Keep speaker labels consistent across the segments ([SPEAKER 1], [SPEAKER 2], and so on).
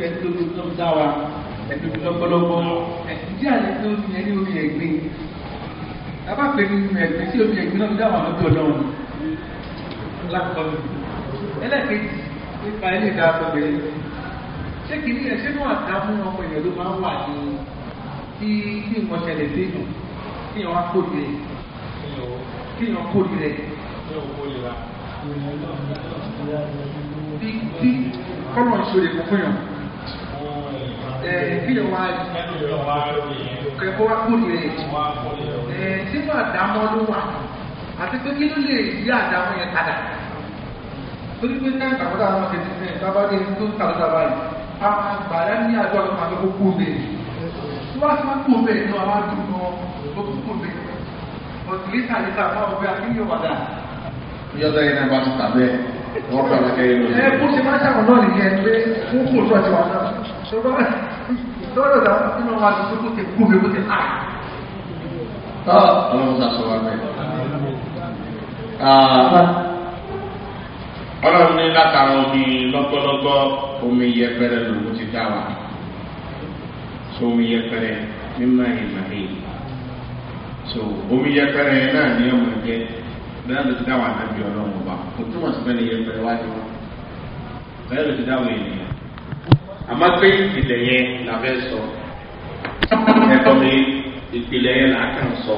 [SPEAKER 1] pé ẹni tó ló tó dá wa ẹni tó lọ́pọ̀lọpọ̀ ẹni tí àlẹ́ tó ní ẹni omi ẹ̀gbin tábà pé ní omi ẹ̀gbin tí omi ẹ̀gbin náà dá wà lọ́dọ̀ ọlọ́run lákọ̀ọ́ ẹlẹ́kejì nípa ilé ìdásọ́bẹ̀rẹ̀ ṣé kìíní ẹ̀ ṣé náà àdámú ọmọ èèyàn ló máa ń wà ní tí ní nǹkan ṣẹlẹ̀ déèyàn kíyàn wá kó lè kíyàn kó lè bí kí kọ́nà ìṣòro ìfúnfún yàn ìpínlẹ̀ wa kẹ̀kọ́ wa kú nìyẹn eh, sínú àdámọ́ ló wà àti pé kí ló lè yí àdámọ́ yẹn padà torí pé náà kàkọ́tà àwọn kẹ̀kẹ́ fẹ́ bàbá dé tó ń kàlọ́tà báyìí àwọn àgbàdá ní àjọ àwọn àjọ kókó bẹ́ẹ̀ tí wọ́n ti máa kó bẹ́ẹ̀ nù àwọn àjọ tó kókó bẹ́ẹ̀ ọ̀tìlítà níta fún ọgbẹ́ akínyìn wàdà.
[SPEAKER 2] yọ̀dọ̀ yẹn náà bá ti tàbẹ́ wọ́n kọ́ àwọn akẹ́yìn
[SPEAKER 1] lónìí lọ́rọ̀ àwọn nínú wa ti kó ti kú mi kó ti à. tọ́ ọlọ́run sá sọ wá pẹ́.
[SPEAKER 2] ọlọ́run ní látara omi lọ́gọ́lọ́gọ́ omi yẹpẹrẹ lòun ti dá wa so omi yẹpẹrẹ mímọ ìmọ̀lẹ́ so omi yẹpẹrẹ náà ní ọmọ jẹ bẹ́ẹ̀ ló ti dá wa nábì ọlọ́run ọba kò túmọ̀ sí bẹ́ẹ̀ ni yẹpẹrẹ wá ní wa bẹ́ẹ̀ ló ti dá wa ènìyàn àmọ́ pé ìpìlẹ̀ yẹn la fẹ́ sọ ẹ̀kọ́ mi ìpìlẹ̀ yẹn la kàn sọ.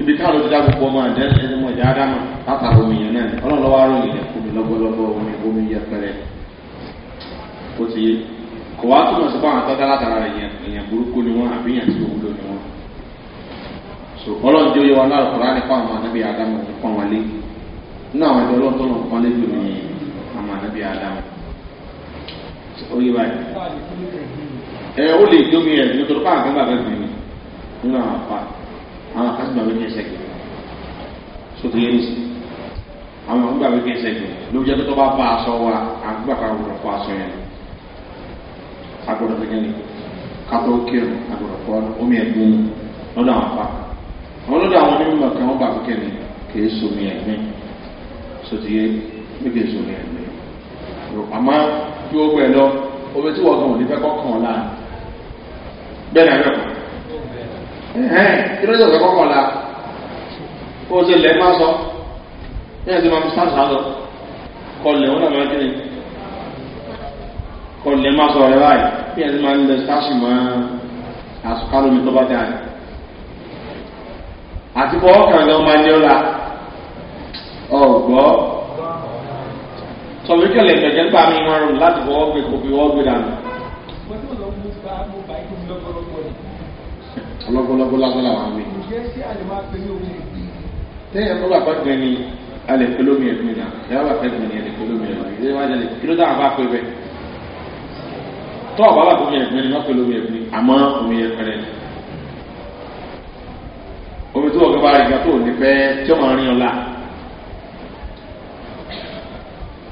[SPEAKER 2] ibi táwọn olùdá gbogbo ọmọ àjẹ́ ẹni mọ̀ ìjà ádámà látàrí omi yẹn náà ọlọ́run lọ́wọ́ arọ ìyẹn fún mi lọ́gbọ́lọ́gbọ́ omi omi yẹpẹrẹ ó ti yé kò wá túmọ̀ sí fáwọn àtọ́jà látara èèyàn burúkú ni wọ́n àbí èèyàn tí ó wúlò ni wọ́n. ọlọ́run jẹ́ oyè wa náà kọ́ra orí báyìí ẹ ó lè dómi ẹ nítorí pé àgbẹ̀ bàbá mi ni nínú àwọn apá àwọn apá sì bàbá mi ẹsẹ̀ kìí sókè yẹn nìsí àwọn àwọn bàbá mi ẹsẹ̀ kìí ló jẹ́ pé tó bá bá aṣọ wa àgbà kan wọ̀rọ̀ fọ aṣọ yẹn agbọ̀dọ̀ tó yẹn kátó kírun agbọ̀dọ̀ fọ omi ẹ̀gbọ́n lọ́dọ̀ àwọn apá àwọn lọ́dọ̀ àwọn onímọ̀ kan wọ́n bàbá kẹ́ni kìí somi ẹ̀gbẹ́ sókè yẹn mí kìí somi ẹ̀gbẹ́ àmọ́ ju ogun ẹ̀ lọ omi tí wọ́n gan ò ní fẹ́ kọ́kàn ọ̀la bẹ́ẹ̀ náà yọ̀kọ̀ ẹ̀hẹ́n kí ló ń sọ̀rọ̀ kọ́kàn ọ̀la ó ṣe lẹ́ máa sọ
[SPEAKER 1] ní ẹ̀sìn máa fi sáǹsà
[SPEAKER 2] sọ kọlẹ̀ wọn náà máa kí ni kọlẹ̀ máa sọ ọ̀rẹ́ báyìí bí ẹ̀sìn máa ń lẹ sáṣì máa àsùkárò mi tó bá dáa àti bọ́ ọ̀kan lọ́ máa ní ọ̀la ọ̀gbọ́n sọ̀rọ̀kẹ́lẹ̀ ìjọ̀jẹ́ gbà mí wọn rọrùn láti fọwọ́ gbé kò fi wọ́ gbé dànù.
[SPEAKER 1] ọlọ́gbọ́lọ́gbọ́ lágbọ́lá wà mí. tẹ́yẹ̀ tó bàbá gbẹ
[SPEAKER 2] ni alẹ́ pẹ́lómi ẹ̀gbìn náà ẹ̀yà bàbá gbẹ ni alẹ́ pẹ́lómi ẹ̀gbìn náà ẹ̀yà kí ló dáhà bá pé bẹ́ẹ̀. tọ́ ọ̀bá bàbá mi ẹ̀gbìn ni wọ́n pẹ́lómi ẹ̀gbìn àmọ́ omi ẹ̀pẹ̀rẹ̀ ni. omi tó ọ̀gbẹ́ bá rìn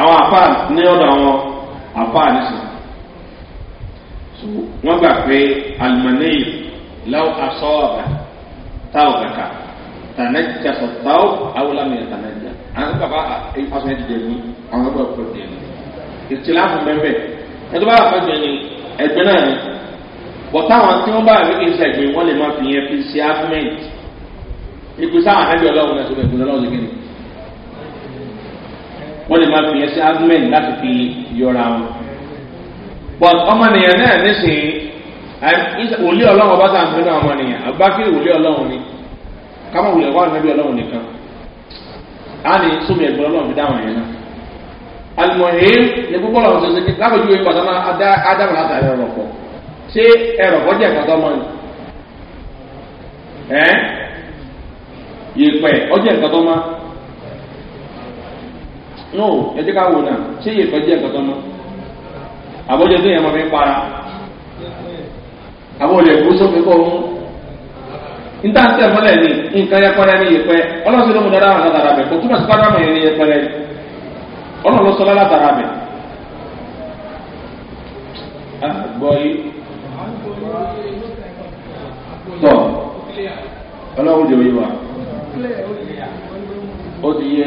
[SPEAKER 2] àwọn àfáà ní ọ̀dọ̀ àwọn àfáà nísìn so wọ́n gbà pé alimọ̀nẹ́yì láwọ́ aṣọ ọ̀gá táwọ̀ kàkà tànàjà sọ̀tàwọ̀ awolami tànàjà àwọn bàbá ìfọ̀sẹ̀ ti dẹ̀mí àwọn bàbá ìfọ̀sẹ̀ ti dẹ̀mí ìtìláàfù mẹ́fẹ̀ ẹ̀tọ́ bá àfẹ́ jẹ́ ni ẹgbẹ́ náà ni bọ̀ táwọn tí wọ́n bá rí ìṣe ẹgbẹ́ wọn lè má fi yẹn fi ṣe argument ìpèsè àwọn àfẹ́bí ọlọ́run náà sọ wọ́n lè máa fi yẹn sí argument láti fi yọra wọn. but ọmọnìyàn náà nísìnyí wòlíì ọlọ́run ọba sáà ń fẹ́ náà ọmọnìyàn àbákí wòlíì ọlọ́run ni kámá wòlíì wà níbi ọlọ́run nìkan á ní sómi ẹ̀gbọ́n ọlọ́run fi dáhùn yẹn náà. àlùmọ̀hìn ni púpọ̀ lọ́wọ́ ṣe ṣe lábẹ́jú ìgbà tó máa ádámù látàrí ọ̀rọ̀ pọ̀ ṣé ẹ̀rọ̀ kọ́ jẹ́ ẹ̀kọ́ tó mọ́ ni ẹ̀ yèpẹ̀ ọjọ́ ẹ̀kọ́ máa no ẹ jẹ́ ká wò náà ṣé iye kan jẹ́ nǹkan tán mọ́ àbọ̀jọ tó yẹn mọ́ fi para àbọ̀ olè kó sófin kọ́ ọ́n níta ń tẹ̀ mọ́lẹ̀ ní nǹkan yẹpẹrẹ ní yẹpẹ ọlọ́sìn ló mú dáadáa wọn látara bẹ̀ kó túmọ̀ sí kádàmọ̀ yẹn ní yẹpẹrẹ ọlọ́run ló sọ látara bẹ̀.
[SPEAKER 1] tọ́ ọlọ́run jẹ́ òye
[SPEAKER 2] ó ti yẹ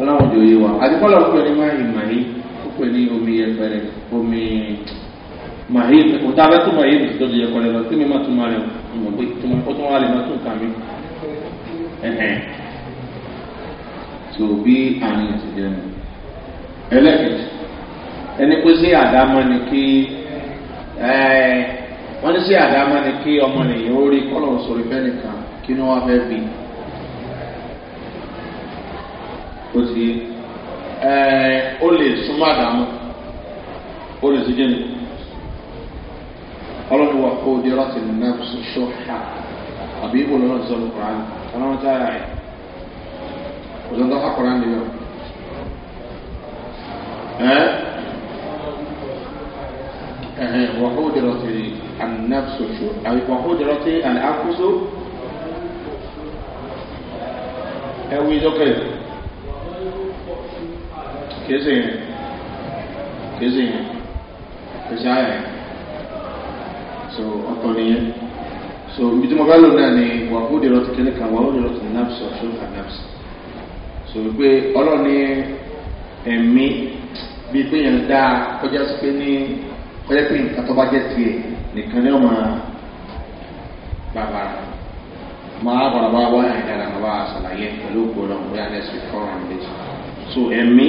[SPEAKER 2] ọlọ́run jò yé wa àti kọ́lọ̀ ń ma yi omi ẹgbẹ̀rẹ̀ omi màhí òtá abẹ́ tó màhí tó lè yẹ kọ́lẹ̀ lọ sí mi ma tún máa rẹ̀ mọ̀ pé ó tún wá lè má tún kà mí. tó bí àárín ti jẹ́ mi ẹlẹ́kẹ̀jì ẹni pé sí àdámọ́ ni kí wọ́n ní ni ó ti ẹ ó lè súnmọ́ àdámọ́ ó lè sójú ẹni ọlọ́run wà kó di rọ́ọ̀tì nínú ṣoṣo ha àbí ìbò lọ́nà ti sọ́nù kùránì ọlọ́run tá a rẹ̀ òṣèlú tó kọ́kọ́rọ́ ń dìbò ẹ ẹhẹ wà kó di rọ́ọ̀tì anáfṣo ṣo àbí wà kó di rọ́ọ̀tì anáfṣo ẹwù ìjọkẹ́yìn kìí ṣe yẹn kìí ṣe yẹn kìí ṣe àyà yẹn so ọ̀tọ̀ nìyẹn so ibi tí mo bá lò náà ni wà ó dèrò tó kéde kan wà ó dèrò tó ní nàbsì ọ̀ṣun fà nàbsì so pé ọlọ́run ní ẹ̀mí bíi pé yẹn dáa kọjá sí pé ní kọjá pé nǹkan tó bá jẹ́ tiẹ̀ nìkan ní ọmọ bàbá máa bàbá wáyà ìdára bàbá àṣàlàyé pẹ̀lú ògbó náà bóyá so ẹ̀mí.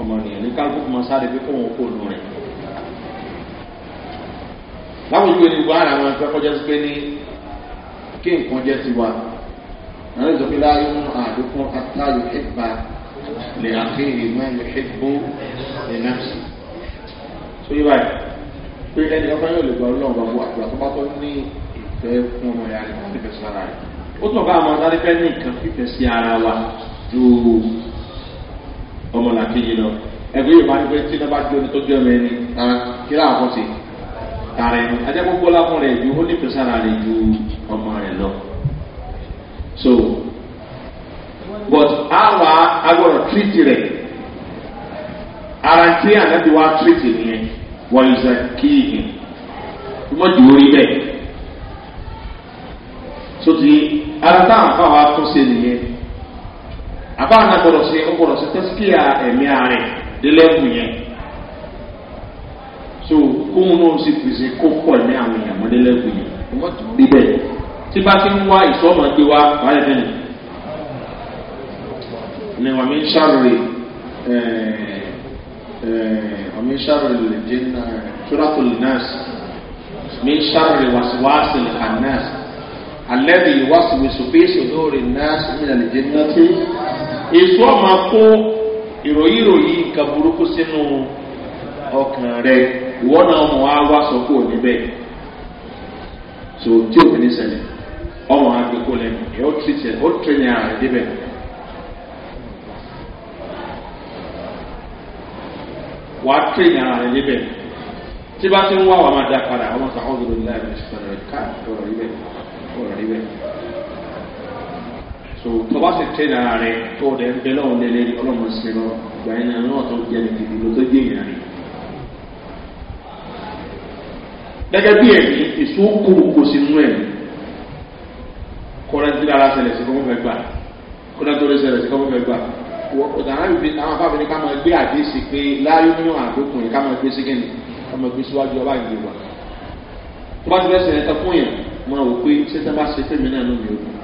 [SPEAKER 2] ọmọnìyàn ní kálukú máa sáré pé kóun kó lu rẹ̀. láwọn ìwé ni gbọ́ ara wọn fẹ́ kọjá sí pé ní kí nǹkan jẹ́ ti wa àwọn ìsọ̀kí láàyè mú àdókùn atáyò ẹgbà lè àkéyè máa yọ ẹgbó lè náà sí. sọ yìí báyìí pé ẹni ọkọ yóò lè gba ọlọ́run bàbá àgbà tó bá tó ní ìfẹ́ fún ọmọ ìyá rẹ̀ kó nífẹ̀ẹ́ sára rẹ̀ ó tún bá àwọn sáré ọmọlàkejì lọ ẹgbẹ́ yorùbá ni pé tí lọ́ba jó ni tó jọ mẹ́ ni kí láà kọ́ sí tààrẹ ajá gbogbo lápọ̀ rẹ̀ ju ó ní pèsèrà rẹ̀ ju ọmọ rẹ̀ lọ. so but àwa agbọ̀dọ̀ tírìtì rẹ̀ ara tí ànábi wa tírìtì nìyẹn wọ́n yóò sọ kí ìhìn wọ́n jù ó rí bẹ́ẹ̀. so ti ara táwọn afáwa tún ṣe nìyẹn àbá náà gbọdọ̀ ṣe ó gbọdọ̀ ṣe tẹ́síkìá ẹ̀mí ààrẹ délẹ́kùn yẹn so kóhun náà sì pèsè kó pọ̀ ní àwọn èèyàn mọ́ délẹ́kùn yẹn ọmọ tó rí bẹ́ẹ̀ tí bá ti ń wá ìsọ́mọ̀ gbé wá wáyé bẹ́ẹ̀ ni wọ́n mi ń ṣàròyé wọ́n mi ń ṣàròyé lè jẹ́ ṣúrátò lè nọ́ọ̀sì mi ń wàsíwàsí lè kà nọ́ọ̀sì alẹ́ bí wàsíwèsò fèsì lórí nọ́ọ̀sì mi lè jẹ́ nọ́ọ̀sì. èso ọmọ kó ìròyìn ìròyìn nǹkan burúkú sínú ọkàn rẹ ìwọ ọmọ wa wá sọ kó so tí òfin ní sẹlẹ̀ ọmụ wa gbé kó lẹ́nu ẹ̀ ó tìrìtì ó tìrìtì ara rẹ̀ débẹ̀. tí bá ti ń wá máa dá padà ọmọ sàkóso so tó bá sì tẹ́ náà rẹ tó dẹ̀ ń bẹ lọ́wọ́ lélẹ́ ọlọ́mọ sí lọ ìgbà yẹn náà tó jẹ́ ní gidi ló tó jẹ́ ìyàn rẹ̀. gẹ́gẹ́ bí ẹ̀mí èso kúrúkú sí mú ẹ̀mí kọ́lá tí ara ṣẹlẹ̀ sí kọ́kọ́ fẹ́ gbà kọ́lá tó lè ṣẹlẹ̀ sí kọ́kọ́ fẹ́ gbà ọ̀dàrà yìí àwọn afáfẹ́ ni ká máa gbé àdéhìsí pé láyé nínú àdókùnrin ká máa gbé sígẹ̀nì ká máa gbé síwájú ọba ìgbìmọ̀ tó bá ti fẹ́ ṣẹlẹ̀ tán fún yẹn mo rò pé ṣé tẹ́ bá ṣe fẹ́mi náà lómi òkun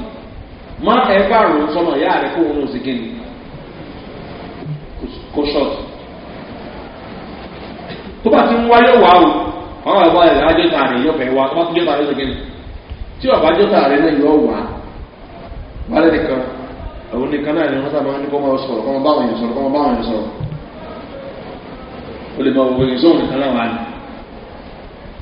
[SPEAKER 2] má ẹ bá rò ó sọmọ ìyá rẹ kó òun ò sì gé ni kó ṣọ́ọ̀tù tó bá ti ń wáyé wá o àwọn àgbà rẹ̀ ajọ́ta rẹ̀ yọ fẹ́ wá tó bá ti jọ́ta rẹ̀ ṣe gẹ́gẹ́ tí ọ̀bá jọ́ta rẹ̀ náà yọ wá wálé nìkan àwọn nìkan náà ni wọ́n sábà ní kó máa sọ̀rọ̀ kó máa báwọn èèyàn sọ̀rọ̀ kó máa báwọn èèyàn sọ̀rọ̀ ó lè máa wọ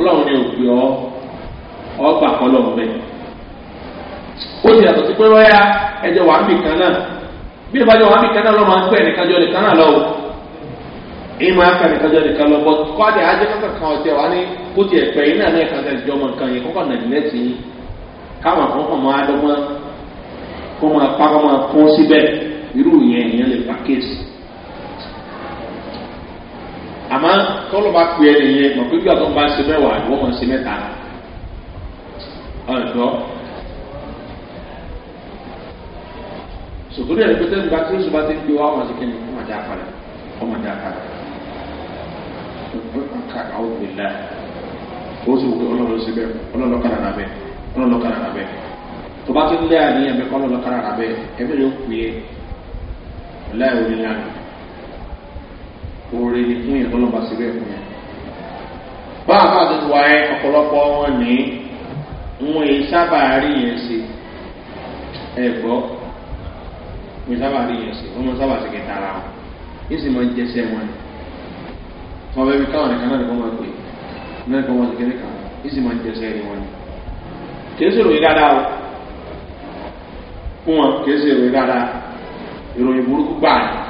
[SPEAKER 2] ọlọ́run ni òkè ọ ọgbà kọlọ́run bẹ́ẹ̀. ó ti yàtọ̀ sí pé wáyà ẹjẹ wàá bì kan náà bí ìbájọ wàá bì kan náà lọ́ máa ń pẹ́ nìkanjọ́ nìkan náà lọ o èyí máa ń pẹ́ nìkanjọ́ nìkan lọ bọ́ kọ́dẹ̀ ajé kankan ọ̀tẹ̀ wá ní kó tiẹ̀ pẹ́ yín náà ní ẹ̀ka tẹ̀ jọmọ nǹkan yẹn kọ́kọ́ nàìjíríà ti yín káwọn àkọ́kọ́ máa kó máa pa kó máa kún tọ́lọ́ bá pè é nìyẹn mọ̀ pé bí àtọ́ bá ń ṣe mẹ́wàá ni wọ́n mọ̀ ń ṣe mẹ́ta ọ̀dọ́ sòtúrú ẹ̀rí pété nígbà tí oṣù bá ti ń gbé wa ọmọ sí kíni ọmọ dá padà ọmọ dá padà ká àwọn òbí la ó sì wù ọlọ́run kára nà bẹ́ẹ̀ kára nà bẹ́ẹ̀ tó ń lé àníyàn bẹ́ẹ̀ ọlọ́run kára nà bẹ́ẹ̀ ẹ̀mí rẹ̀ pè é láì onílànà oore ni fún yẹn lọ́nà bá ṣe bẹ́ẹ̀ fún yẹn. bá a bá tuntun wáyé ọ̀pọ̀lọpọ̀ wọn ní wọn èyí sábà rí yẹn ṣe ẹ gbọ́ wọn sábà rí yẹn ṣe wọn mọ sábà ṣe kẹta ara wọn yìí sì máa ń jẹsẹ wọn ni wọn bẹ bí káwọn nìkan náà nìkan máa pè náà nìkan máa ṣe kẹta kan yìí sì máa ń jẹsẹ wọn ni. kìí sọ̀rọ̀ dáadáa fún wọn kìí sọ̀rọ̀ dáadáa ìròyìn burúkú gbáà ni.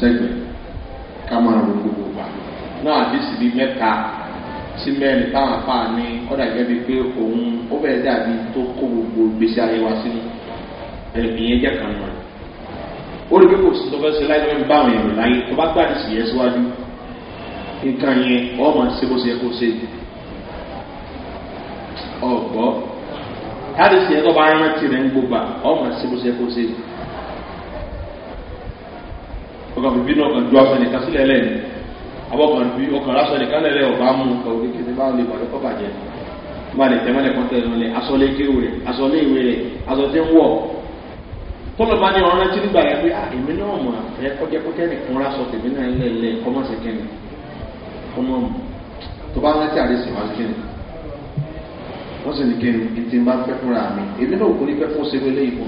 [SPEAKER 2] sẹ́gbẹ̀ẹ́ ká máa ro gbogbo wa náà àdísì bíi mẹ́ta sí mẹ́rin táwọn afá ní ọ̀dà gẹ́gẹ́ pé òun ó bẹ̀rẹ̀ dàbí tó kó gbogbo ìgbésí ayé wa sínú ìyẹn jẹ́ kan náà ó lè kó sí tọ́fẹ́ sí láyé lọ́wọ́ bá àwọn èèyàn láyé tó bá gbàdí sí yẹn síwájú nǹkan yẹn ọ́ máa ṣe bó ṣe yẹ kó ṣe ọ̀gbọ́ láti ṣe yẹn tó bá rántí rẹ̀ ń gbogbo ọ́ máa ṣe bó ṣe yẹ kó ṣe ọkàn bíbí náà kàn ju aṣọ nìkan sílẹ̀ lẹ́yìn abọ́kàn bí ọkàn aṣọ nìkan lẹ́lẹ́ ọ̀bá mú nǹkan òkè kìíní bá lè bàjẹ́ kọ́ bàjẹ́ bá lè tẹ́mọ́lẹ̀ kan tẹ̀lé lọ́lẹ̀ aṣọ lé kéwù rẹ̀ aṣọ lé ìwé rẹ̀ aṣọ tí ń wọ̀ tọ́lọ̀ bá ní ọ̀rọ̀ rántí nígbà yẹn pé èmi náà mọ̀ ẹ kọjá kọjá nìkan rásọ tèmi náà lẹ́lẹ́ kọ́mọ̀sẹ̀ kẹ́ni kọ́mọ̀ tó bá rántí àdéṣe wá kẹ́ni wọ́n sì ní kẹ́ni kí n ti bá fẹ́ fúnra mi èmi náà kò ní fẹ́ fún ṣe wẹ́lẹ́ ìbò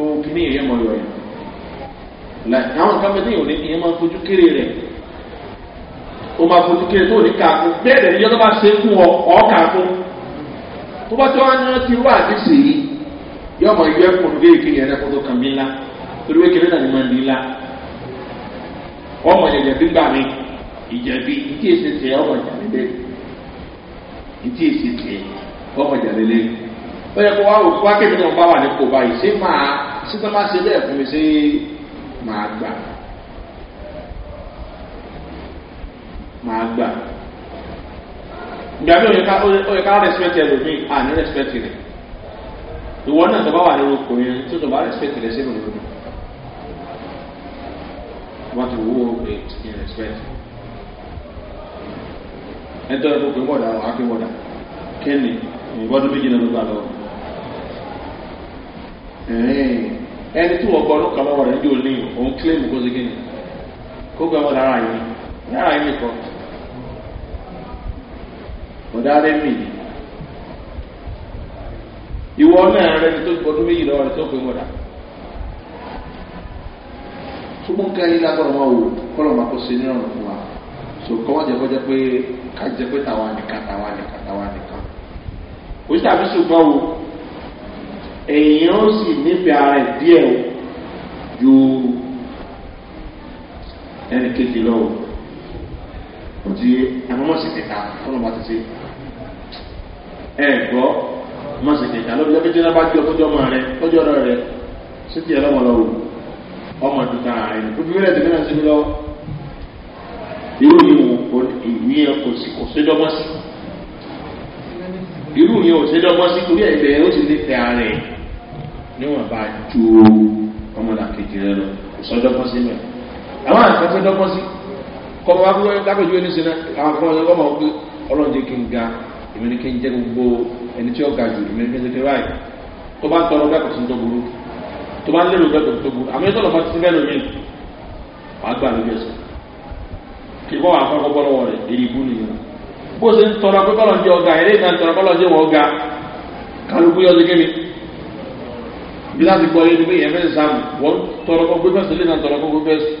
[SPEAKER 2] gbogbo kíní èèyàn mọ̀ yọ̀ yẹn àwọn nǹkan bẹ́ẹ̀ yóò ní ìyẹn máa fojú kéré rẹ̀ ó máa fojú kéré tó ní kàkó bẹ́ẹ̀ lẹ́yìn yọ́n tó bá ṣe fún ọ ọ̀ kàkó tó bá tó wá ní wọn ti rú àdìsí yìí yọ́n mọ̀ yọ ẹ̀kọ́ nígbà èké yẹn rẹ̀ kó tó kàn mí ńlá torí ni máa ń di ńlá ọmọ yẹ̀yẹ̀ bí gbà mí ìjẹ̀bi ìtí èsì tiẹ̀ ọmọ ìjàlélẹ̀ ìtí èsì tiẹ̀ ọmọ ìjàlélẹ̀ ó yẹ kó wá òkú wákẹ́mi náà bá wà ní kò báyìí ṣé máa tí wọ́n bá ṣe bẹ́ẹ̀ fún mi ṣé màá gbà màá gbà ìgbà mi ò yẹ ká respect ẹ lòmíì à respect rẹ ìwọ náà tó bá wà nínú ọkùnrin tó tó bá respect rẹ sínú ìlú wọn ti wúwo it in respect ẹ tọ́ ẹ kó pé bọ́dà àwọn akéwọ́dà kéènì ìbọ́dún méjì náà ló gbà lọ ẹni tí wọ́n gbọ́ ọdún kan lọ́wọ́ rẹ̀ ń jò ní òun kílèmù kó ṣe kíni kó gbé wọn lára yìí lára yìí nìkan ọ̀dà rẹ̀ mì í ìwọ náà rẹ̀ ni tó gbọdún méjì lọ́wọ́ rẹ̀ tó pé mọ̀dà ṣùgbọ́n ká yín lágbọ́dọ̀ máa wò kọ́lọ̀ máa kó ṣe ní ọ̀rùn fún wa so kọ́ wọ́n jẹ́ kọ́ jẹ́ pé ká jẹ́ pé tàwa nìkan tàwa nìkan tàwa nìkan òṣìṣẹ́ àbíṣe gbọ́ wo èèyàn ó sì nífẹ̀ẹ́ ara ẹ̀ díẹ̀ ju ẹnì kejì lọ o ti àmọ́mọ́sí kẹta fún ọba títí ẹ gbọ́ mọ́sí kẹta lọ́bi lọ́bi tí wọ́n bá jọ tọ́jú ọmọ rẹ tọ́jú ọ̀rọ̀ rẹ sí ti ẹ̀ lọ́wọ́ lọ́wọ́ ọmọ dùkà rẹ nítorí wíwẹ́rẹ́ tẹ̀lé náà sí mi lọ́wọ́ irú yìí wò ìní ẹ kò sí kò sí dọ́gbọ́n sí irú yìí ò sí dọ́gbọ́n sí torí ẹ̀ bẹ́ẹ̀ ó sì nífẹ̀ẹ́ ara ẹ̀ níwọ̀n bá ju ọmọlàkejì rẹ lọ kò sọ dọ́gbọ́n sí mẹ́ àwọn àkẹ́kọ̀ọ́ dọ́gbọ́n sí kọ́mọ wá gbogbo lápẹ̀jú ẹni sí náà àwọn àkọ́kọ́ ọmọ ọgbẹ́ ọlọ́njẹ́ kí n ga èmi ní kí n jẹ́ gbogbo ẹni tí ó ga jù èmi ní kí n jẹ́ kí ráì tó bá tọrọ bẹ́ẹ̀ kò sí tó burú tó bá lérò bẹ́ẹ̀ kò sí tó burú àmì ìtọ́lọ́ bá ti bẹ́ẹ̀ lómi wàá gbà lóbi ẹ̀sìn kí wọ́n wà fọ́kọ́ bọ́ lọ́wọ́ rẹ̀ èyí bú nìyẹn bó ṣe ń tọrọ pé kọ́lọ́njẹ́ ọ̀gá eré ìtàn tọrọ kọ́lọ́njẹ́ wọ́n ọ̀gá kálukú yọ bí láti gbọ́ yé ni pé yẹn fẹ́ sàmù wọ́n tọrọ kọ́ gbé bọ́ọ̀sì lẹ́nà tọrọ kọ́ gbé bọ́ọ̀sì.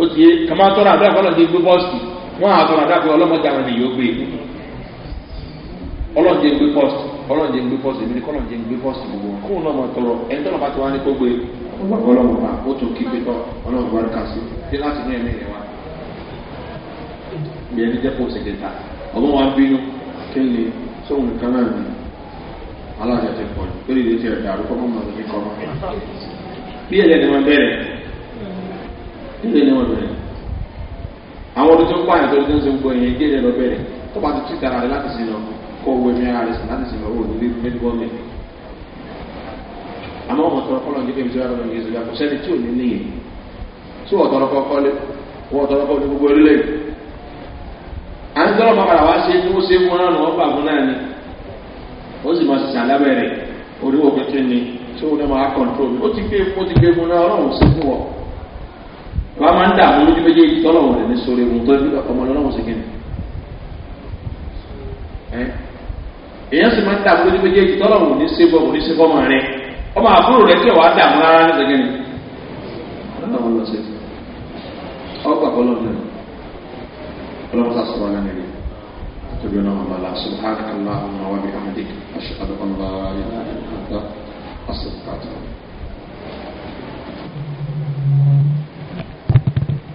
[SPEAKER 2] ó ti yé kàmá tọrọ àdá kọ́ lọ́dẹ gbé bọ́ọ̀sì wọ́n á tọrọ àdá pé ọlọ́mọdé àwọn ènìyàn gbé ọlọ́dẹ gbé bọ́ọ̀sì ọlọ́dẹ gbé bọ́ọ̀sì èmi ni kọ́lọ́dẹ gbé bọ́ọ̀sì gbogbo kóun náà mọ̀ tọrọ ẹni tọ́lọ́ bá ti wá ní kó gbé ọlọ́mọba ó tún kí lórí ilé tí ọ̀dà àrùkọ́ mọ́ ní kíkọ́ mọ́. bí ẹlẹ́ ni wọ́n bẹ̀rẹ̀ nílé ni wọ́n bẹ̀rẹ̀ àwọn ọdún tó ń pààyàn tó ń ṣe ń gbọ́ ìyẹn díẹ̀ lẹ́ lọ bẹ̀rẹ̀ tó bá ti tú ìtara rẹ̀ láti sin lọ kó owó ẹ̀mí ara rẹ̀ sìn láti sin lọ wò ní mẹ́tí gọ́ọ̀mẹ̀ntì. àmọ́ ọmọ tọrọ kọ́lọ̀ ní kébìtì wà lọ́nà ìgbésẹ̀ kò sẹ́ni tí ò ní níyì tí wọ́n tọrọ kọ́ kọ́lé wọ́n tọrọ kọ́ ní gbogbo orílẹ̀ yìí. à ń tọrọ mọ́ padà wá ṣe tí wọ́n ṣe fún ọ náà ni wọ́n gbà fún náà ni ó sì mọ̀ sísàn lábẹ́rẹ́ orí wo pété ni tí wọn náà máa kọ̀ǹtrol mi ó ti gbé ó ti gbé mu náà ọlọ́run sí fún wọn wọn máa ń dà mú lójú méjèèjì tọ́lọ̀wọ̀n rẹ̀ ní sórí ohun tó ń ọmọ ọlọ́run sí kíni èèyàn sì máa ń dà mú lójú méjèèjì tọ́lọ̀wọ̀n ní sébọ̀ kò ní sébọ̀ máa rẹ̀ ọmọ àbúrò rẹ̀ tí wàá dà mú rárá ní sẹ́kẹ́ni ọlọ́run lọ sí ọgbà ọlọ́run تبينهم الله سبحانك اللهم وبحمدك أشهد أن لا إله إلا أنت أستغفرك